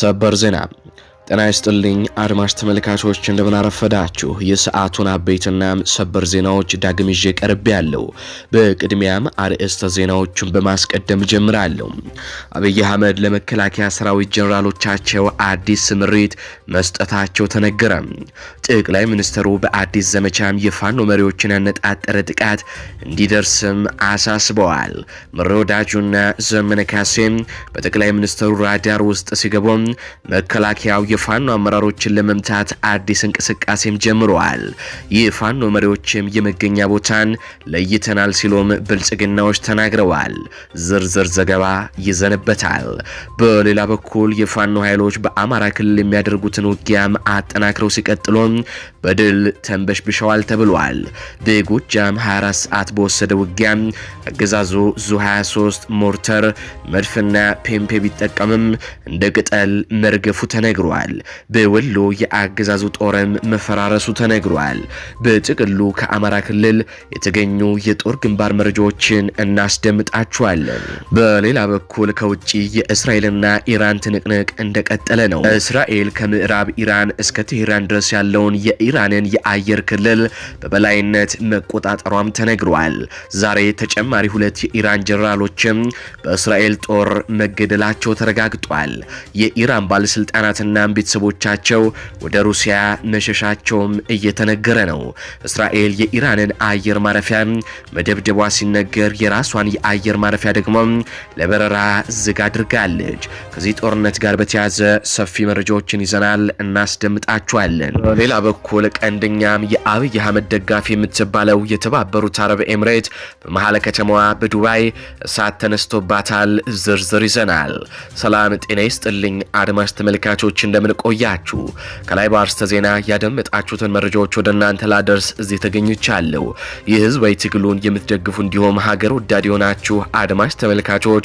ሰበር ዜና ጤና ይስጥልኝ አድማጭ ተመልካቾች፣ እንደምናረፈዳችሁ የሰዓቱን አበይትና ሰበር ዜናዎች ዳግም ይዤ ቀርብ ያለው። በቅድሚያም አርዕስተ ዜናዎችን በማስቀደም ጀምራለሁ። አብይ አህመድ ለመከላከያ ሰራዊት ጀኔራሎቻቸው አዲስ ስምሪት መስጠታቸው ተነገረ። ጠቅላይ ሚኒስትሩ በአዲስ ዘመቻም የፋኖ መሪዎችን ያነጣጠረ ጥቃት እንዲደርስም አሳስበዋል። ምሬ ወዳጁና ዘመነ ካሴም በጠቅላይ ሚኒስትሩ ራዳር ውስጥ ሲገቡ መከላከያው የፋኖ አመራሮችን ለመምታት አዲስ እንቅስቃሴም ጀምረዋል። የፋኖ መሪዎችም የመገኛ ቦታን ለይተናል ሲሉም ብልጽግናዎች ተናግረዋል። ዝርዝር ዘገባ ይዘንበታል። በሌላ በኩል የፋኖ ኃይሎች በአማራ ክልል የሚያደርጉትን ውጊያም አጠናክረው ሲቀጥሉም በድል ተንበሽብሸዋል ተብሏል። በጎጃም 24 ሰዓት በወሰደ ውጊያም አገዛዙ ዙ 23 ሞርተር፣ መድፍና ፔምፔ ቢጠቀምም እንደ ቅጠል መርገፉ ተነግሯል። ተገኝተዋል። በወሎ የአገዛዙ ጦርም መፈራረሱ ተነግሯል። በጥቅሉ ከአማራ ክልል የተገኙ የጦር ግንባር መረጃዎችን እናስደምጣችኋለን። በሌላ በኩል ከውጭ የእስራኤልና ኢራን ትንቅንቅ እንደቀጠለ ነው። እስራኤል ከምዕራብ ኢራን እስከ ቴሄራን ድረስ ያለውን የኢራንን የአየር ክልል በበላይነት መቆጣጠሯም ተነግሯል። ዛሬ ተጨማሪ ሁለት የኢራን ጀነራሎችም በእስራኤል ጦር መገደላቸው ተረጋግጧል። የኢራን ባለስልጣናትና እናም ቤተሰቦቻቸው ወደ ሩሲያ መሸሻቸውም እየተነገረ ነው። እስራኤል የኢራንን አየር ማረፊያ መደብደቧ ሲነገር የራሷን የአየር ማረፊያ ደግሞ ለበረራ ዝግ አድርጋለች። ከዚህ ጦርነት ጋር በተያያዘ ሰፊ መረጃዎችን ይዘናል፣ እናስደምጣችኋለን። በሌላ በኩል ቀንደኛም የአብይ አህመድ ደጋፊ የምትባለው የተባበሩት አረብ ኤምሬት በመሀለ ከተማዋ በዱባይ እሳት ተነስቶባታል። ዝርዝር ይዘናል። ሰላም ጤና ይስጥልኝ አድማስ ተመልካቾች እንደ እንደምን ቆያችሁ? ከላይ በአርስተ ዜና ያደመጣችሁትን መረጃዎች ወደ እናንተ ላደርስ እዚህ ተገኝቻለሁ። ይህ ህዝባዊ ትግሉን የምትደግፉ እንዲሁም ሀገር ወዳድ የሆናችሁ አድማጭ ተመልካቾች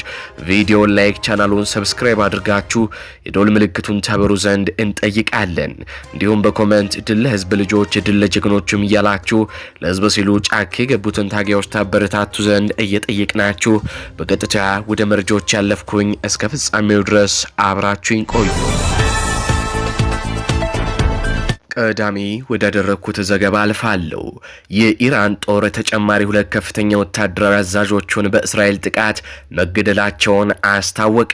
ቪዲዮን ላይክ፣ ቻናሉን ሰብስክራይብ አድርጋችሁ የዶል ምልክቱን ታበሩ ዘንድ እንጠይቃለን። እንዲሁም በኮመንት ድል ለህዝብ ልጆች፣ ድል ለጀግኖችም እያላችሁ ለህዝብ ሲሉ ጫካ የገቡትን ታጋዮች ታበረታቱ ዘንድ እየጠየቅናችሁ በቀጥታ ወደ መረጃዎች ያለፍኩኝ እስከ ፍጻሜው ድረስ አብራችሁኝ ቆዩ። ቀዳሚ ወዳደረግኩት ዘገባ አልፋለሁ። የኢራን ጦር ተጨማሪ ሁለት ከፍተኛ ወታደራዊ አዛዦቹን በእስራኤል ጥቃት መገደላቸውን አስታወቀ።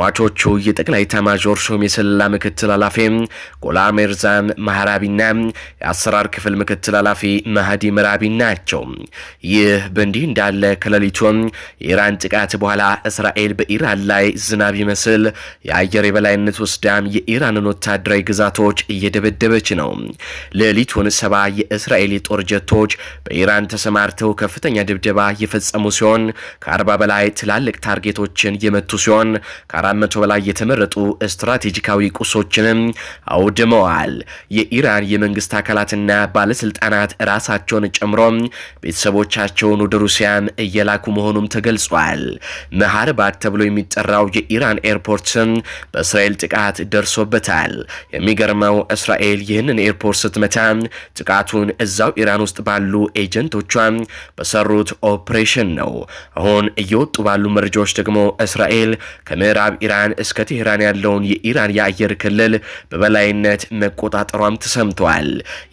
ሟቾቹ የጠቅላይ ኤታማዦር ሹም የስለላ ምክትል ኃላፊ ጎላም ኤርዛም ማህራቢና የአሰራር ክፍል ምክትል ኃላፊ መሃዲ ምራቢ ናቸው። ይህ በእንዲህ እንዳለ ከሌሊቱ የኢራን ጥቃት በኋላ እስራኤል በኢራን ላይ ዝናብ ይመስል የአየር የበላይነት ወስዳም የኢራንን ወታደራዊ ግዛቶች እየደበደበ እየተገበረች ነው። ሌሊቱን ሰባ የእስራኤል የጦር ጀቶች በኢራን ተሰማርተው ከፍተኛ ድብደባ እየፈጸሙ ሲሆን ከአርባ በላይ ትላልቅ ታርጌቶችን የመቱ ሲሆን ከአራት መቶ በላይ የተመረጡ ስትራቴጂካዊ ቁሶችንም አውድመዋል። የኢራን የመንግስት አካላትና ባለስልጣናት ራሳቸውን ጨምሮ ቤተሰቦቻቸውን ወደ ሩሲያም እየላኩ መሆኑም ተገልጿል። መሃርባት ተብሎ የሚጠራው የኢራን ኤርፖርትም በእስራኤል ጥቃት ደርሶበታል። የሚገርመው እስራኤል እስራኤል ይህንን ኤርፖርት ስትመታ ጥቃቱን እዛው ኢራን ውስጥ ባሉ ኤጀንቶቿ በሰሩት ኦፕሬሽን ነው። አሁን እየወጡ ባሉ መረጃዎች ደግሞ እስራኤል ከምዕራብ ኢራን እስከ ቴህራን ያለውን የኢራን የአየር ክልል በበላይነት መቆጣጠሯም ተሰምተዋል።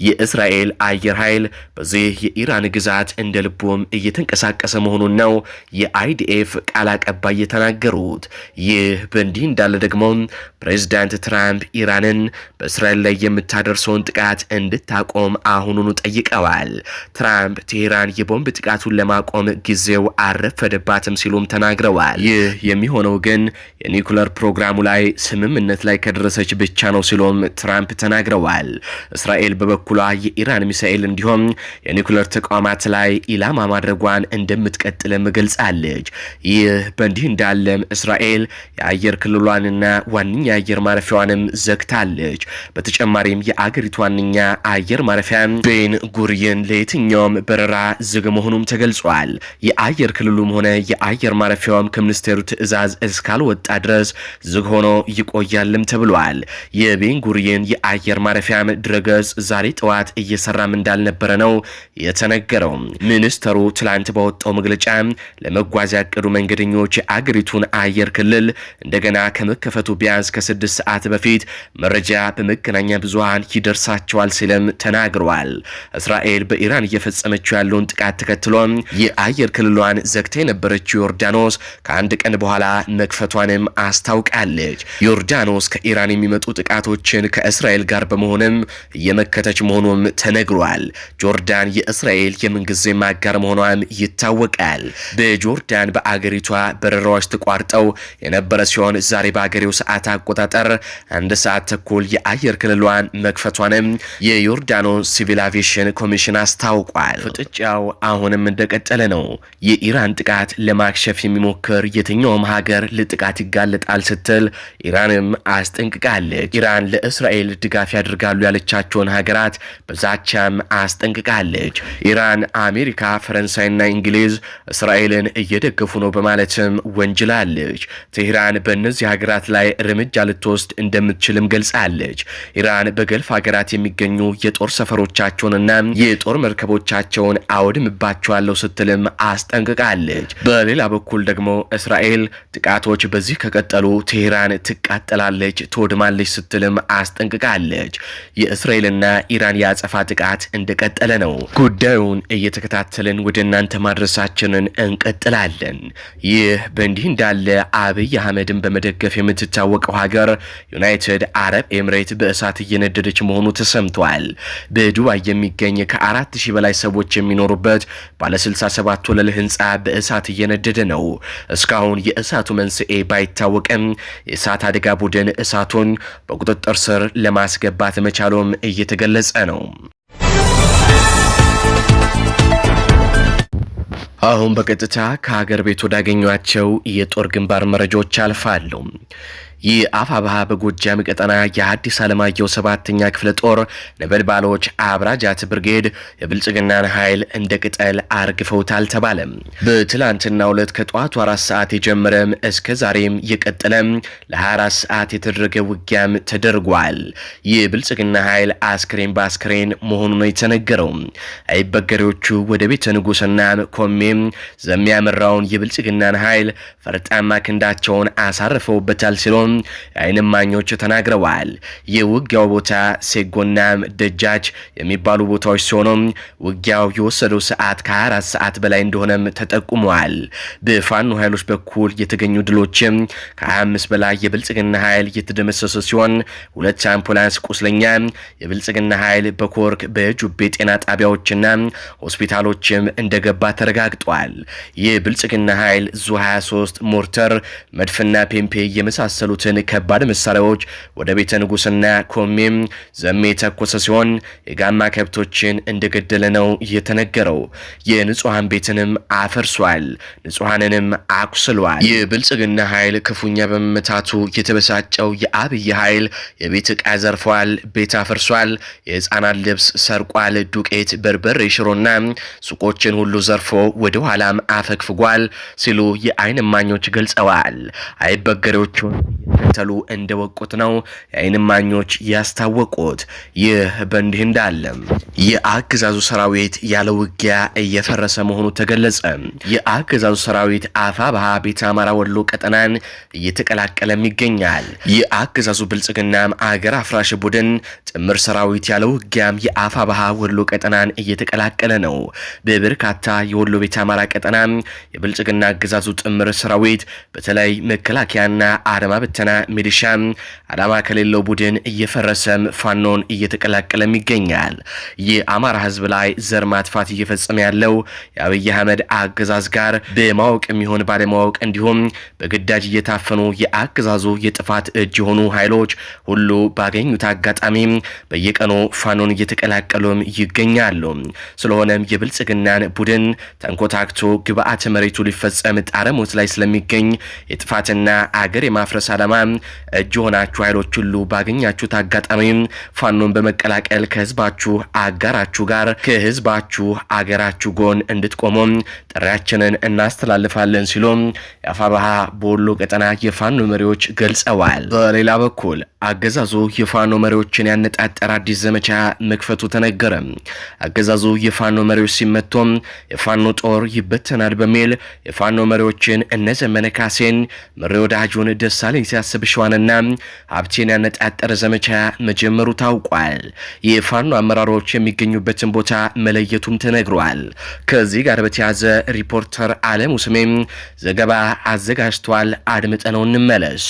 የእስራኤል አየር ኃይል በዚህ የኢራን ግዛት እንደ ልቦም እየተንቀሳቀሰ መሆኑን ነው የአይዲኤፍ ቃል አቀባይ የተናገሩት። ይህ በእንዲህ እንዳለ ደግሞ ፕሬዚዳንት ትራምፕ ኢራንን በእስራኤል ላይ የምታ የምታደርሰውን ጥቃት እንድታቆም አሁኑኑ ጠይቀዋል። ትራምፕ ቴሄራን የቦምብ ጥቃቱን ለማቆም ጊዜው አልረፈደባትም ሲሉም ተናግረዋል። ይህ የሚሆነው ግን የኒኩለር ፕሮግራሙ ላይ ስምምነት ላይ ከደረሰች ብቻ ነው ሲሉም ትራምፕ ተናግረዋል። እስራኤል በበኩሏ የኢራን ሚሳኤል እንዲሁም የኒኩለር ተቋማት ላይ ኢላማ ማድረጓን እንደምትቀጥልም ገልጻለች። ይህ በእንዲህ እንዳለም እስራኤል የአየር ክልሏንና ዋነኛ የአየር ማረፊያዋንም ዘግታለች። በተጨማሪም የአገሪቱ ዋነኛ አየር ማረፊያ ቤን ጉሪየን ለየትኛውም በረራ ዝግ መሆኑም ተገልጿል። የአየር ክልሉም ሆነ የአየር ማረፊያውም ከሚኒስቴሩ ትዕዛዝ እስካልወጣ ድረስ ዝግ ሆኖ ይቆያልም ተብሏል። የቤን ጉሪየን የአየር ማረፊያም ድረገጽ ዛሬ ጠዋት እየሰራም እንዳልነበረ ነው የተነገረው። ሚኒስተሩ ትላንት በወጣው መግለጫ ለመጓዝ ያቀዱ መንገደኞች የአገሪቱን አየር ክልል እንደገና ከመከፈቱ ቢያንስ ከስድስት ሰዓት በፊት መረጃ በመገናኛ ብዙሃን ኢራን ይደርሳቸዋል ሲልም ተናግረዋል። እስራኤል በኢራን እየፈጸመችው ያለውን ጥቃት ተከትሎ የአየር ክልሏን ዘግታ የነበረችው ዮርዳኖስ ከአንድ ቀን በኋላ መክፈቷንም አስታውቃለች። ዮርዳኖስ ከኢራን የሚመጡ ጥቃቶችን ከእስራኤል ጋር በመሆንም እየመከተች መሆኑም ተነግሯል። ጆርዳን የእስራኤል የምንጊዜ አጋር መሆኗም ይታወቃል። በጆርዳን በአገሪቷ በረራዎች ተቋርጠው የነበረ ሲሆን ዛሬ በአገሬው ሰዓት አቆጣጠር አንድ ሰዓት ተኩል የአየር ክልሏን መክፈቷንም የዮርዳኖስ ሲቪል አቪሽን ኮሚሽን አስታውቋል። ፍጥጫው አሁንም እንደቀጠለ ነው። የኢራን ጥቃት ለማክሸፍ የሚሞክር የትኛውም ሀገር ለጥቃት ይጋለጣል ስትል ኢራንም አስጠንቅቃለች። ኢራን ለእስራኤል ድጋፍ ያደርጋሉ ያለቻቸውን ሀገራት በዛቻም አስጠንቅቃለች። ኢራን፣ አሜሪካ፣ ፈረንሳይና እንግሊዝ እስራኤልን እየደገፉ ነው በማለትም ወንጅላለች። ቴህራን በእነዚህ ሀገራት ላይ እርምጃ ልትወስድ እንደምትችልም ገልጻለች። ኢራን በገ በገልፍ ሀገራት የሚገኙ የጦር ሰፈሮቻቸውንና የጦር መርከቦቻቸውን አወድምባቸዋለሁ ስትልም አስጠንቅቃለች። በሌላ በኩል ደግሞ እስራኤል ጥቃቶች በዚህ ከቀጠሉ ቴህራን ትቃጠላለች፣ ትወድማለች ስትልም አስጠንቅቃለች። የእስራኤልና ኢራን የአጸፋ ጥቃት እንደቀጠለ ነው። ጉዳዩን እየተከታተልን ወደ እናንተ ማድረሳችንን እንቀጥላለን። ይህ በእንዲህ እንዳለ አብይ አህመድን በመደገፍ የምትታወቀው ሀገር ዩናይትድ አረብ ኤምሬት በእሳት እየነደደ እያስተናገደች መሆኑ ተሰምቷል። በዱባይ የሚገኝ ከአራት ሺህ በላይ ሰዎች የሚኖሩበት ባለ 67 ወለል ህንፃ በእሳት እየነደደ ነው። እስካሁን የእሳቱ መንስኤ ባይታወቅም የእሳት አደጋ ቡድን እሳቱን በቁጥጥር ስር ለማስገባት መቻሉም እየተገለጸ ነው። አሁን በቀጥታ ከሀገር ቤት ወዳገኟቸው የጦር ግንባር መረጃዎች አልፋለሁ። የአፋብሃ በጎጃም ቀጠና የአዲስ አለማየሁ ሰባተኛ ክፍለ ጦር ነበልባሎች አብራጃት ብርጌድ የብልጽግናን ኃይል እንደ ቅጠል አርግፈውታል ተባለ። በትላንትና ሁለት ከጠዋቱ አራት ሰዓት የጀመረም እስከ ዛሬም የቀጠለም ለ24 ሰዓት የተደረገ ውጊያም ተደርጓል። የብልጽግና ኃይል አስክሬን በአስክሬን መሆኑ ነው የተነገረው። አይበገሬዎቹ ወደ ቤተ ንጉሥና ኮሜም ዘሚያመራውን የብልጽግናን ኃይል ፈርጣማ ክንዳቸውን አሳርፈውበታል ሲሎም የአይን እማኞች ተናግረዋል። የውጊያው ቦታ ሴጎናም ደጃች የሚባሉ ቦታዎች ሲሆኑ ውጊያው የወሰደው ሰዓት ከ24 ሰዓት በላይ እንደሆነም ተጠቁመዋል። በፋኖ ኃይሎች በኩል የተገኙ ድሎችም ከ25 በላይ የብልጽግና ኃይል የተደመሰሰ ሲሆን ሁለት አምቡላንስ ቁስለኛ የብልጽግና ኃይል በኮርክ በጁቤ ጤና ጣቢያዎችና ሆስፒታሎችም እንደገባ ተረጋግጧል። የብልጽግና ኃይል ዙ 23 ሞርተር መድፍና ፔምፔ የመሳሰሉ ያሉትን ከባድ መሳሪያዎች ወደ ቤተ ንጉሥና ኮሜም ዘሜ የተኮሰ ሲሆን የጋማ ከብቶችን እንደገደለ ነው የተነገረው። የንጹሐን ቤትንም አፈርሷል፣ ንጹሐንንም አቁስሏል። የብልጽግና ኃይል ክፉኛ በመመታቱ የተበሳጨው የአብይ ኃይል የቤት ዕቃ ዘርፏል፣ ቤት አፈርሷል፣ የህፃናት ልብስ ሰርቋል፣ ዱቄት፣ በርበሬ፣ ሽሮና ሱቆችን ሁሉ ዘርፎ ወደ ኋላም አፈግፍጓል ሲሉ የአይን እማኞች ገልጸዋል። አይበገሬዎቹን ከተሉ እንደወቁት ነው የአይን ማኞች ያስታወቁት። ይህ በእንዲህ እንዳለ የአገዛዙ ሰራዊት ያለ ውጊያ እየፈረሰ መሆኑ ተገለጸ። የአገዛዙ ሰራዊት ባሃ ቤተ አማራ ወሎ ቀጠናን እየተቀላቀለም ይገኛል። የአገዛዙ ብልጽግናም አገር አፍራሽ ቡድን ጥምር ሰራዊት ያለ ውጊያም ባሃ ወሎ ቀጠናን እየተቀላቀለ ነው። በበርካታ የወሎ ቤተ አማራ ቀጠና የብልጽግና አገዛዙ ጥምር ሰራዊት በተለይ መከላከያና አረማ የተፈተነ ሚሊሻም አላማ ከሌለው ቡድን እየፈረሰም ፋኖን እየተቀላቀለም ይገኛል። የአማራ ህዝብ ላይ ዘር ማጥፋት እየፈጸመ ያለው የአብይ አህመድ አገዛዝ ጋር በማወቅ የሚሆን ባለማወቅ እንዲሁም በግዳጅ እየታፈኑ የአገዛዙ የጥፋት እጅ የሆኑ ኃይሎች ሁሉ ባገኙት አጋጣሚ በየቀኑ ፋኖን እየተቀላቀሉም ይገኛሉ። ስለሆነም የብልጽግናን ቡድን ተንኮታክቶ ግብአተ መሬቱ ሊፈጸም ጣረሞት ላይ ስለሚገኝ የጥፋትና አገር የማፍረስ ዓላማ እጅ የሆናችሁ ኃይሎች ሁሉ ባገኛችሁት አጋጣሚ ፋኖን በመቀላቀል ከህዝባችሁ አጋራችሁ ጋር ከህዝባችሁ አገራችሁ ጎን እንድትቆሙ ጥሪያችንን እናስተላልፋለን ሲሉ የአፋባሃ በወሎ ቀጠና የፋኖ መሪዎች ገልጸዋል። በሌላ በኩል አገዛዙ የፋኖ መሪዎችን ያነጣጠረ አዲስ ዘመቻ መክፈቱ ተነገረ። አገዛዙ የፋኖ መሪዎች ሲመቶ የፋኖ ጦር ይበተናል በሚል የፋኖ መሪዎችን እነ ዘመነ ካሴን፣ ምሬ ወዳጁን፣ ደሳለኝ ሲያስብ ሸዋንና ሀብቴን ያነጣጠረ ዘመቻ መጀመሩ ታውቋል። የፋኖ አመራሮች የሚገኙበትን ቦታ መለየቱም ተነግሯል። ከዚህ ጋር በተያዘ ሪፖርተር አለሙ ስሜም ዘገባ አዘጋጅቷል። አድምጠነው እንመለስ።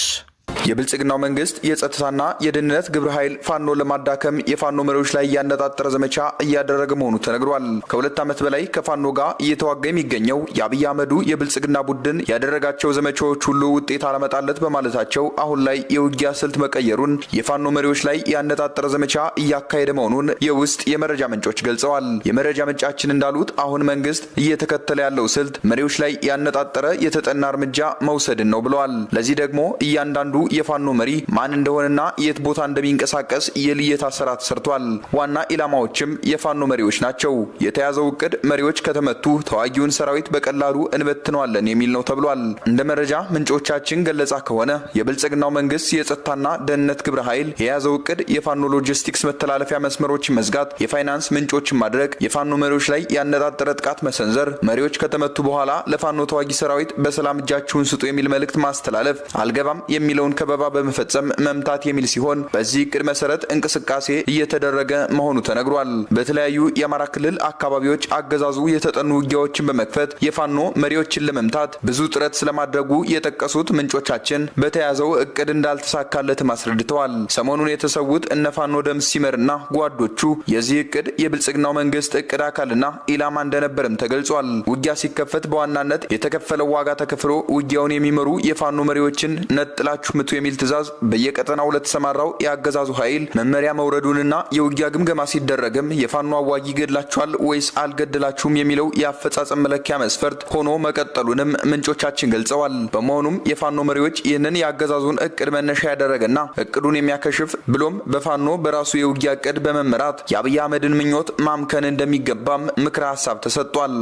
የብልጽግናው መንግስት የጸጥታና የደህንነት ግብረ ኃይል ፋኖ ለማዳከም የፋኖ መሪዎች ላይ እያነጣጠረ ዘመቻ እያደረገ መሆኑ ተነግሯል። ከሁለት ዓመት በላይ ከፋኖ ጋር እየተዋጋ የሚገኘው የአብይ አህመዱ የብልጽግና ቡድን ያደረጋቸው ዘመቻዎች ሁሉ ውጤት አለመጣለት በማለታቸው አሁን ላይ የውጊያ ስልት መቀየሩን የፋኖ መሪዎች ላይ ያነጣጠረ ዘመቻ እያካሄደ መሆኑን የውስጥ የመረጃ ምንጮች ገልጸዋል። የመረጃ ምንጫችን እንዳሉት አሁን መንግስት እየተከተለ ያለው ስልት መሪዎች ላይ ያነጣጠረ የተጠና እርምጃ መውሰድን ነው ብለዋል። ለዚህ ደግሞ እያንዳንዱ የፋኖ መሪ ማን እንደሆነና የት ቦታ እንደሚንቀሳቀስ የልየታ ስራ ተሰርቷል። ዋና ኢላማዎችም የፋኖ መሪዎች ናቸው። የተያዘው እቅድ መሪዎች ከተመቱ ተዋጊውን ሰራዊት በቀላሉ እንበትነዋለን የሚል ነው ተብሏል። እንደ መረጃ ምንጮቻችን ገለጻ ከሆነ የብልጽግናው መንግስት የጸጥታና ደህንነት ግብረ ኃይል የያዘው እቅድ የፋኖ ሎጂስቲክስ መተላለፊያ መስመሮችን መዝጋት፣ የፋይናንስ ምንጮችን ማድረግ፣ የፋኖ መሪዎች ላይ ያነጣጠረ ጥቃት መሰንዘር፣ መሪዎች ከተመቱ በኋላ ለፋኖ ተዋጊ ሰራዊት በሰላም እጃችሁን ስጡ የሚል መልእክት ማስተላለፍ፣ አልገባም የሚለውን ከበባ በመፈጸም መምታት የሚል ሲሆን በዚህ እቅድ መሰረት እንቅስቃሴ እየተደረገ መሆኑ ተነግሯል። በተለያዩ የአማራ ክልል አካባቢዎች አገዛዙ የተጠኑ ውጊያዎችን በመክፈት የፋኖ መሪዎችን ለመምታት ብዙ ጥረት ስለማድረጉ የጠቀሱት ምንጮቻችን በተያዘው እቅድ እንዳልተሳካለትም አስረድተዋል። ሰሞኑን የተሰዉት እነ ፋኖ ደምስ ሲመርና ጓዶቹ የዚህ እቅድ የብልጽግናው መንግስት እቅድ አካልና ኢላማ እንደነበርም ተገልጿል። ውጊያ ሲከፈት በዋናነት የተከፈለው ዋጋ ተከፍሎ ውጊያውን የሚመሩ የፋኖ መሪዎችን ነጥላችሁ ይገምቱ የሚል ትዕዛዝ በየቀጠናው ለተሰማራው የአገዛዙ ኃይል መመሪያ መውረዱንና የውጊያ ግምገማ ሲደረግም የፋኖ አዋጊ ገድላችኋል ወይስ አልገድላችሁም የሚለው የአፈጻጸም መለኪያ መስፈርት ሆኖ መቀጠሉንም ምንጮቻችን ገልጸዋል። በመሆኑም የፋኖ መሪዎች ይህንን የአገዛዙን እቅድ መነሻ ያደረገና እቅዱን የሚያከሽፍ ብሎም በፋኖ በራሱ የውጊያ እቅድ በመመራት የአብይ አህመድን ምኞት ማምከን እንደሚገባም ምክረ ሀሳብ ተሰጥቷል።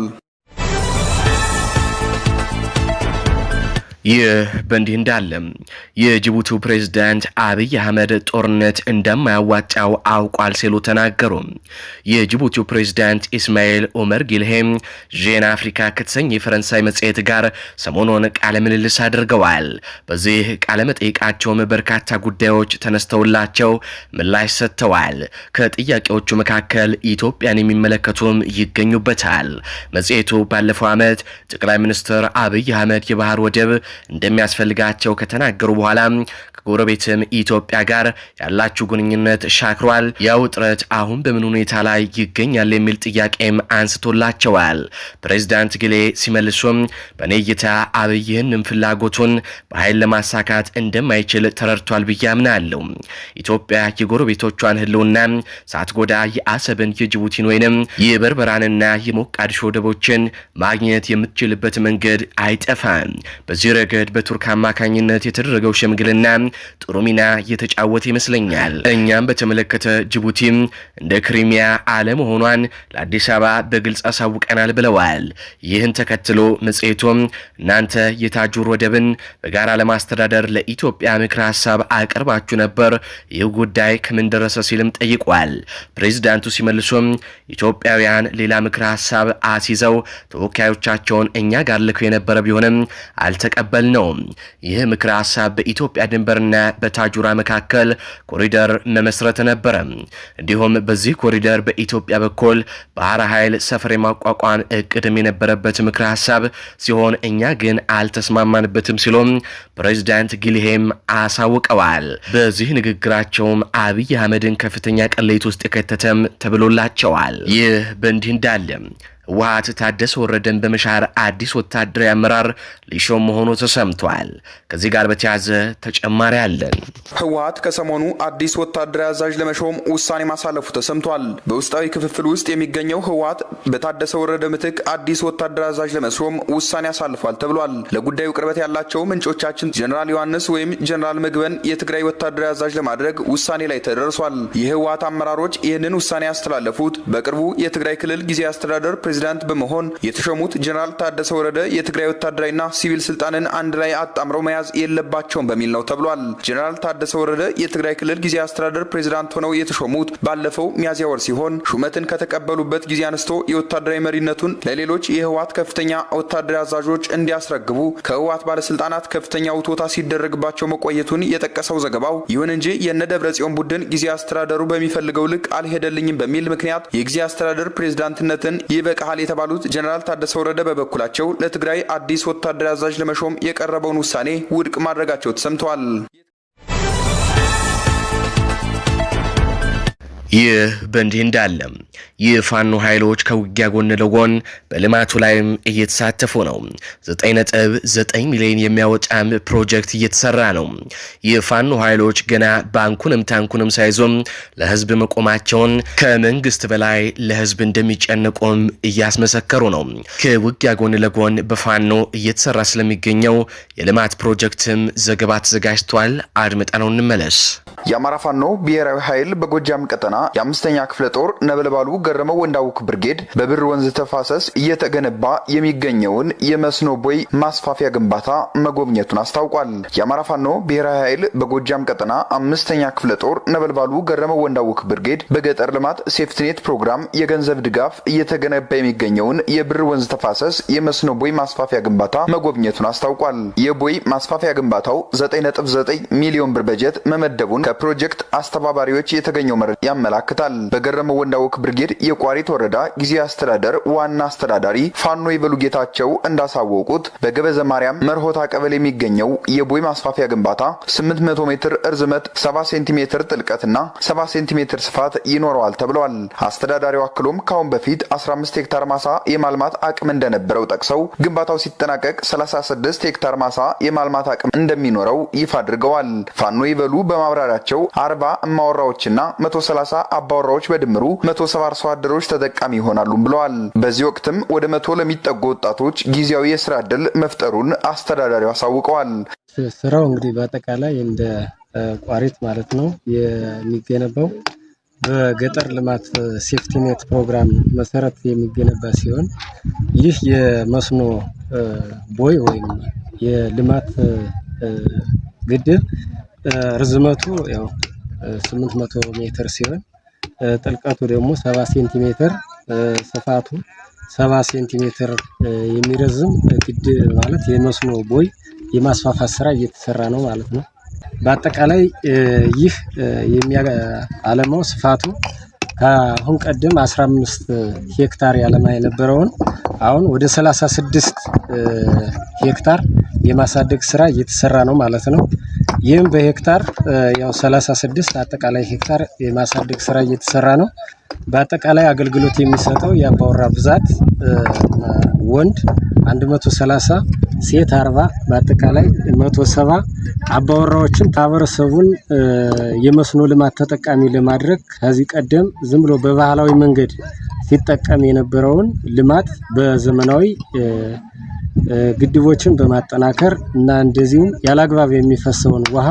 ይህ በእንዲህ እንዳለ የጅቡቲው ፕሬዝዳንት አብይ አህመድ ጦርነት እንደማያዋጫው አውቋል ሲሉ ተናገሩ። የጅቡቲው ፕሬዝዳንት ኢስማኤል ኦመር ጊልሄም ዤን አፍሪካ ከተሰኘ የፈረንሳይ መጽሔት ጋር ሰሞኑን ቃለ ምልልስ አድርገዋል። በዚህ ቃለ መጠይቃቸውም በርካታ ጉዳዮች ተነስተውላቸው ምላሽ ሰጥተዋል። ከጥያቄዎቹ መካከል ኢትዮጵያን የሚመለከቱም ይገኙበታል። መጽሔቱ ባለፈው ዓመት ጠቅላይ ሚኒስትር አብይ አህመድ የባህር ወደብ እንደሚያስፈልጋቸው ከተናገሩ በኋላ ከጎረቤትም ኢትዮጵያ ጋር ያላችሁ ግንኙነት ሻክሯል፣ ያው ውጥረት አሁን በምን ሁኔታ ላይ ይገኛል የሚል ጥያቄም አንስቶላቸዋል። ፕሬዚዳንት ግሌ ሲመልሱም በእኔ እይታ አብይ ፍላጎቱን በኃይል ለማሳካት እንደማይችል ተረድቷል ብዬ አምናለሁ። ኢትዮጵያ የጎረቤቶቿን ህልውና ሳትጎዳ የአሰብን፣ የጅቡቲን ወይንም የበርበራንና የሞቃዲሾ ወደቦችን ማግኘት የምትችልበት መንገድ አይጠፋም። በዚህ ረገድ በቱርክ አማካኝነት የተደረገው ሽምግልና ጥሩ ሚና እየተጫወተ ይመስለኛል። እኛም በተመለከተ ጅቡቲም እንደ ክሪሚያ አለመሆኗን ለአዲስ አበባ በግልጽ አሳውቀናል ብለዋል። ይህን ተከትሎ መጽሔቱም እናንተ የታጁር ወደብን በጋራ ለማስተዳደር ለኢትዮጵያ ምክረ ሀሳብ አቅርባችሁ ነበር፣ ይህ ጉዳይ ከምን ደረሰ ሲልም ጠይቋል። ፕሬዚዳንቱ ሲመልሱም ኢትዮጵያውያን ሌላ ምክረ ሀሳብ አስይዘው ተወካዮቻቸውን እኛ ጋር ልከው የነበረ ቢሆንም አልተቀበ የሚቀበል ነው። ይህ ምክረ ሀሳብ በኢትዮጵያ ድንበርና በታጁራ መካከል ኮሪደር መመስረት ነበረ። እንዲሁም በዚህ ኮሪደር በኢትዮጵያ በኩል ባህር ኃይል ሰፈር የማቋቋም እቅድም የነበረበት ምክረ ሀሳብ ሲሆን እኛ ግን አልተስማማንበትም ሲሉም ፕሬዚዳንት ጊልሄም አሳውቀዋል። በዚህ ንግግራቸውም አብይ አህመድን ከፍተኛ ቅሌት ውስጥ የከተተም ተብሎላቸዋል። ይህ በእንዲህ እንዳለ ህወሓት ታደሰ ወረደን በመሻር አዲስ ወታደራዊ አመራር ሊሾም መሆኑ ተሰምቷል። ከዚህ ጋር በተያያዘ ተጨማሪ አለን። ህወሀት ከሰሞኑ አዲስ ወታደራዊ አዛዥ ለመሾም ውሳኔ ማሳለፉ ተሰምቷል። በውስጣዊ ክፍፍል ውስጥ የሚገኘው ህወሀት በታደሰ ወረደ ምትክ አዲስ ወታደራዊ አዛዥ ለመሾም ውሳኔ አሳልፏል ተብሏል። ለጉዳዩ ቅርበት ያላቸው ምንጮቻችን ጀኔራል ዮሐንስ ወይም ጀኔራል ምግበን የትግራይ ወታደራዊ አዛዥ ለማድረግ ውሳኔ ላይ ተደርሷል። የህወሀት አመራሮች ይህንን ውሳኔ ያስተላለፉት በቅርቡ የትግራይ ክልል ጊዜያዊ አስተዳደር ፕሬዚዳንት በመሆን የተሾሙት ጀነራል ታደሰ ወረደ የትግራይ ወታደራዊና ሲቪል ስልጣንን አንድ ላይ አጣምረው መያዝ የለባቸውም በሚል ነው ተብሏል። ጀነራል ታደሰ ወረደ የትግራይ ክልል ጊዜያዊ አስተዳደር ፕሬዚዳንት ሆነው የተሾሙት ባለፈው ሚያዝያ ወር ሲሆን ሹመትን ከተቀበሉበት ጊዜ አንስቶ የወታደራዊ መሪነቱን ለሌሎች የህወሀት ከፍተኛ ወታደራዊ አዛዦች እንዲያስረግቡ ከህወሀት ባለስልጣናት ከፍተኛ ውቶታ ሲደረግባቸው መቆየቱን የጠቀሰው ዘገባው፣ ይሁን እንጂ የነ ደብረ ጽዮን ቡድን ጊዜ አስተዳደሩ በሚፈልገው ልክ አልሄደልኝም በሚል ምክንያት የጊዜ አስተዳደር ፕሬዚዳንትነትን ይበቃል ይበቃሃል የተባሉት ጀኔራል ታደሰ ወረደ በበኩላቸው ለትግራይ አዲስ ወታደር አዛዥ ለመሾም የቀረበውን ውሳኔ ውድቅ ማድረጋቸው ተሰምተዋል። ይህ በእንዲህ እንዳለ የፋኖ ኃይሎች ከውጊያ ጎን ለጎን በልማቱ ላይም እየተሳተፉ ነው። 9.9 ሚሊዮን የሚያወጣም ፕሮጀክት እየተሰራ ነው። የፋኖ ኃይሎች ገና ባንኩንም ታንኩንም ሳይዞም ለህዝብ መቆማቸውን ከመንግስት በላይ ለህዝብ እንደሚጨንቁም እያስመሰከሩ ነው። ከውጊያ ጎን ለጎን በፋኖ እየተሰራ ስለሚገኘው የልማት ፕሮጀክትም ዘገባ ተዘጋጅቷል። አድምጠነው እንመለስ። የአማራ ፋኖ ብሔራዊ ኃይል በጎጃም ቀጠና የአምስተኛ ክፍለ ጦር ነበልባሉ ገረመው ወንዳውክ ብርጌድ በብር ወንዝ ተፋሰስ እየተገነባ የሚገኘውን የመስኖ ቦይ ማስፋፊያ ግንባታ መጎብኘቱን አስታውቋል። የአማራ ፋኖ ብሔራዊ ኃይል በጎጃም ቀጠና አምስተኛ ክፍለ ጦር ነበልባሉ ገረመው ወንዳውክ ብርጌድ በገጠር ልማት ሴፍትኔት ፕሮግራም የገንዘብ ድጋፍ እየተገነባ የሚገኘውን የብር ወንዝ ተፋሰስ የመስኖ ቦይ ማስፋፊያ ግንባታ መጎብኘቱን አስታውቋል። የቦይ ማስፋፊያ ግንባታው 9.9 ሚሊዮን ብር በጀት መመደቡን ከፕሮጀክት አስተባባሪዎች የተገኘው መረጃ ያመላክታል። በገረመው ወንዳወክ ብርጌድ የቋሪት ወረዳ ጊዜ አስተዳደር ዋና አስተዳዳሪ ፋኖ የበሉ ጌታቸው እንዳሳወቁት በገበዘ ማርያም መርሆታ ቀበሌ የሚገኘው የቦይ ማስፋፊያ ግንባታ 800 ሜትር እርዝመት፣ 70 ሴንቲሜትር ጥልቀትና 70 ሴንቲሜትር ስፋት ይኖረዋል ተብለዋል። አስተዳዳሪው አክሎም ከአሁን በፊት 15 ሄክታር ማሳ የማልማት አቅም እንደነበረው ጠቅሰው ግንባታው ሲጠናቀቅ 36 ሄክታር ማሳ የማልማት አቅም እንደሚኖረው ይፋ አድርገዋል። ፋኖ ይበሉ በማብራሪያ ያላቸው አርባ እማወራዎችና መቶ ሰላሳ አባወራዎች በድምሩ መቶ ሰባ አርሶ አደሮች ተጠቃሚ ይሆናሉ ብለዋል። በዚህ ወቅትም ወደ መቶ ለሚጠጉ ወጣቶች ጊዜያዊ የስራ እድል መፍጠሩን አስተዳዳሪው አሳውቀዋል። ስራው እንግዲህ በአጠቃላይ እንደ ቋሪት ማለት ነው የሚገነባው በገጠር ልማት ሴፍቲኔት ፕሮግራም መሰረት የሚገነባ ሲሆን ይህ የመስኖ ቦይ ወይም የልማት ግድብ ርዝመቱ ያው 800 ሜትር ሲሆን ጥልቀቱ ደግሞ 70 ሴንቲሜትር ስፋቱ 70 ሴንቲሜትር የሚረዝም ግድ ማለት የመስኖ ቦይ የማስፋፋት ስራ እየተሰራ ነው ማለት ነው። በአጠቃላይ ይህ አለማው ስፋቱ ከአሁን ቀደም 15 ሄክታር ያለማ የነበረውን አሁን ወደ 36 ሄክታር የማሳደግ ስራ እየተሰራ ነው ማለት ነው። ይህም በሄክታር ያው 36 አጠቃላይ ሄክታር የማሳደግ ስራ እየተሰራ ነው። በአጠቃላይ አገልግሎት የሚሰጠው የአባወራ ብዛት ወንድ 130 ሴት 40 በአጠቃላይ 170 አባወራዎችን ማህበረሰቡን የመስኖ ልማት ተጠቃሚ ለማድረግ ከዚህ ቀደም ዝም ብሎ በባህላዊ መንገድ ሲጠቀም የነበረውን ልማት በዘመናዊ ግድቦችን በማጠናከር እና እንደዚሁም ያላግባብ የሚፈሰውን ውሃ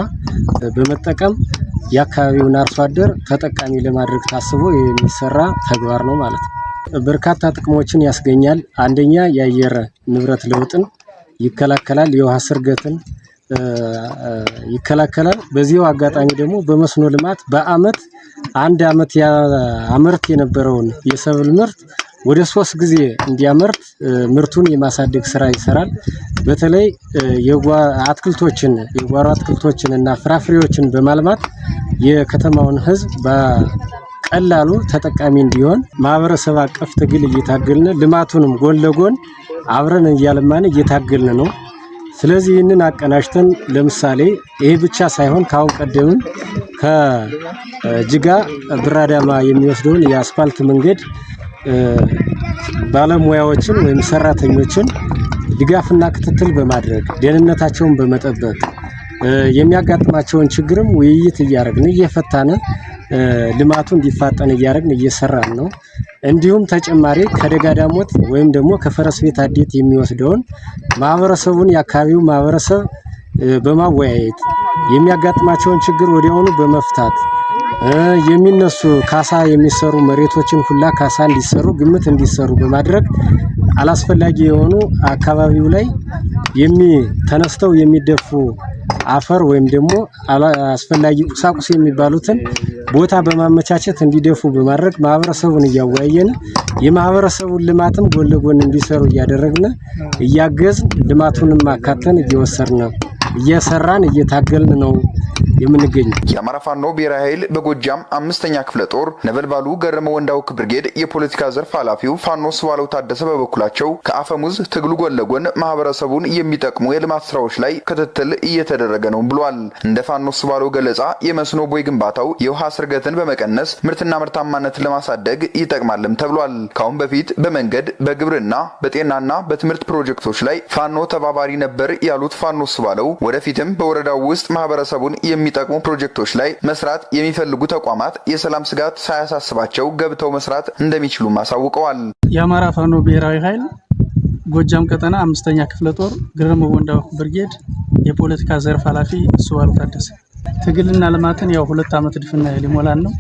በመጠቀም የአካባቢውን አርሶ አደር ተጠቃሚ ለማድረግ ታስቦ የሚሰራ ተግባር ነው ማለት ነው። በርካታ ጥቅሞችን ያስገኛል። አንደኛ የአየር ንብረት ለውጥን ይከላከላል። የውሃ ስርገትን ይከላከላል። በዚሁ አጋጣሚ ደግሞ በመስኖ ልማት በአመት አንድ አመት ያመርት የነበረውን የሰብል ምርት ወደ ሶስት ጊዜ እንዲያመርት ምርቱን የማሳደግ ስራ ይሰራል። በተለይ አትክልቶችን የጓሮ አትክልቶችን እና ፍራፍሬዎችን በማልማት የከተማውን ህዝብ በቀላሉ ተጠቃሚ እንዲሆን ማህበረሰብ አቀፍ ትግል እየታገልን ልማቱንም ጎን ለጎን አብረን እያለማን እየታገልን ነው። ስለዚህ ይህንን አቀናጅተን ለምሳሌ ይሄ ብቻ ሳይሆን ከአሁን ቀደምም ከጅጋ ብራዳማ የሚወስደውን የአስፋልት መንገድ ባለሙያዎችን ወይም ሰራተኞችን ድጋፍና ክትትል በማድረግ ደህንነታቸውን በመጠበቅ የሚያጋጥማቸውን ችግርም ውይይት እያደረግን እየፈታን ልማቱ እንዲፋጠን እያደረግን እየሰራን ነው። እንዲሁም ተጨማሪ ከደጋ ዳሞት ወይም ደግሞ ከፈረስ ቤት አዴት የሚወስደውን ማህበረሰቡን የአካባቢው ማህበረሰብ በማወያየት የሚያጋጥማቸውን ችግር ወዲያውኑ በመፍታት የሚነሱ ካሳ የሚሰሩ መሬቶችን ሁላ ካሳ እንዲሰሩ ግምት እንዲሰሩ በማድረግ አላስፈላጊ የሆኑ አካባቢው ላይ ተነስተው የሚደፉ አፈር ወይም ደግሞ አስፈላጊ ቁሳቁስ የሚባሉትን ቦታ በማመቻቸት እንዲደፉ በማድረግ ማህበረሰቡን እያወያየን የማህበረሰቡን ልማትም ጎን ለጎን እንዲሰሩ እያደረግን እያገዝን ልማቱንም አካተን እየወሰድን ነው። እየሰራን እየታገልን ነው የምንገኘው። የአማራ ፋኖ ብሔራዊ ኃይል በጎጃም አምስተኛ ክፍለ ጦር ነበልባሉ ገረመ ወንዳው ክብርጌድ የፖለቲካ ዘርፍ ኃላፊው ፋኖ ስባለው ታደሰ በበኩላቸው ከአፈሙዝ ትግሉ ጎን ለጎን ማህበረሰቡን የሚጠቅሙ የልማት ስራዎች ላይ ክትትል እየተደረገ ነው ብሏል። እንደ ፋኖ ስባለው ገለጻ የመስኖ ቦይ ግንባታው የውሃ ስርገትን በመቀነስ ምርትና ምርታማነትን ለማሳደግ ይጠቅማልም ተብሏል። ከአሁን በፊት በመንገድ በግብርና በጤናና በትምህርት ፕሮጀክቶች ላይ ፋኖ ተባባሪ ነበር ያሉት ፋኖ ስባለው ወደፊትም በወረዳው ውስጥ ማህበረሰቡን የሚጠቅሙ ፕሮጀክቶች ላይ መስራት የሚፈልጉ ተቋማት የሰላም ስጋት ሳያሳስባቸው ገብተው መስራት እንደሚችሉም አሳውቀዋል። የአማራ ፋኖ ብሔራዊ ኃይል ጎጃም ቀጠና አምስተኛ ክፍለ ጦር ግርም ወንዳ ብርጌድ የፖለቲካ ዘርፍ ኃላፊ ስዋል ታደሰ። ትግልና ልማትን ያው ሁለት ዓመት ድፍና ሊሞላን ነው።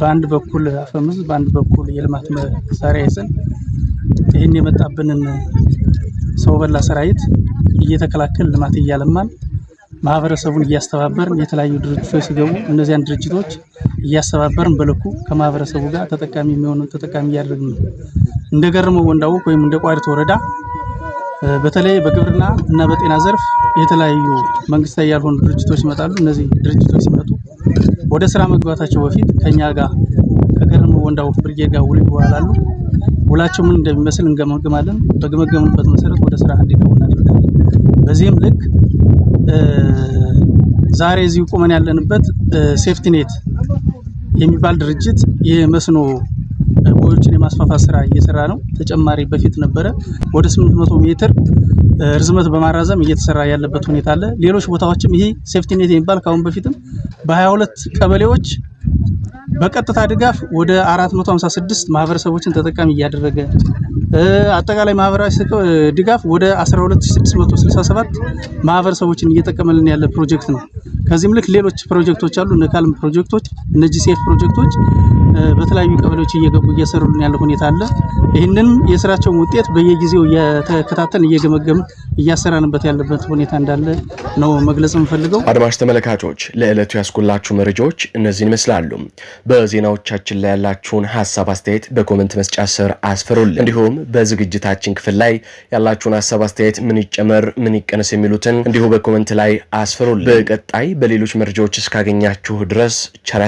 በአንድ በኩል አፈሙዝ፣ በአንድ በኩል የልማት መሳሪያ ይዘን ይህን የመጣብንን ሰው በላ ሰራዊት እየተከላከል ልማት እያለማን ማህበረሰቡን እያስተባበርን የተለያዩ ድርጅቶች ሲገቡ እነዚያን ድርጅቶች እያስተባበርን በልኩ ከማህበረሰቡ ጋር ተጠቃሚ የሚሆነውን ተጠቃሚ እያደረግን ነው። እንደ ገረመው ወንዳውቅ ወይም እንደ ቋሪት ወረዳ በተለይ በግብርና እና በጤና ዘርፍ የተለያዩ መንግስታዊ ያልሆኑ ድርጅቶች ይመጣሉ። እነዚህ ድርጅቶች ሲመጡ ወደ ስራ መግባታቸው በፊት ከኛ ጋር ከገረመው ወንዳውቅ ብርጌድ ጋር ውል ይዋላሉ። ውላቸው ምን እንደሚመስል እንገመግማለን። በገመገምንበት መሰረት ወደ ስራ እንዲገቡ እናደርጋለን። በዚህም ልክ ዛሬ እዚሁ ቁመን ያለንበት ሴፍቲኔት የሚባል ድርጅት የመስኖ ቦዮችን የማስፋፋት ስራ እየሰራ ነው። ተጨማሪ በፊት ነበረ ወደ 800 ሜትር ርዝመት በማራዘም እየተሰራ ያለበት ሁኔታ አለ። ሌሎች ቦታዎችም ይሄ ሴፍቲኔት የሚባል ከአሁን በፊትም በ22 ቀበሌዎች በቀጥታ ድጋፍ ወደ 456 ማህበረሰቦችን ተጠቃሚ እያደረገ አጠቃላይ ማህበራዊ ድጋፍ ወደ 12667 ማህበረሰቦችን እየጠቀመልን ያለ ፕሮጀክት ነው። ከዚህም ልክ ሌሎች ፕሮጀክቶች አሉ። እነ ካልም ፕሮጀክቶች፣ እነ ጂሴፍ ፕሮጀክቶች በተለያዩ ቀበሌዎች እየገቡ እየሰሩልን ያለ ሁኔታ አለ። ይህንንም የስራቸውን ውጤት በየጊዜው እየተከታተልን እየገመገምን እያሰራንበት ያለበት ሁኔታ እንዳለ ነው መግለጽ የምፈልገው። አድማሽ ተመልካቾች ለዕለቱ ያስኩላችሁ መረጃዎች እነዚህን ይመስላሉ። በዜናዎቻችን ላይ ያላችሁን ሀሳብ አስተያየት በኮመንት መስጫ ስር አስፈሩልን። እንዲሁም በዝግጅታችን ክፍል ላይ ያላችሁን ሀሳብ አስተያየት ምን ይጨመር፣ ምን ይቀነስ የሚሉትን እንዲሁ በኮመንት ላይ አስፈሩልን። በቀጣይ በሌሎች መረጃዎች እስካገኛችሁ ድረስ ቸራ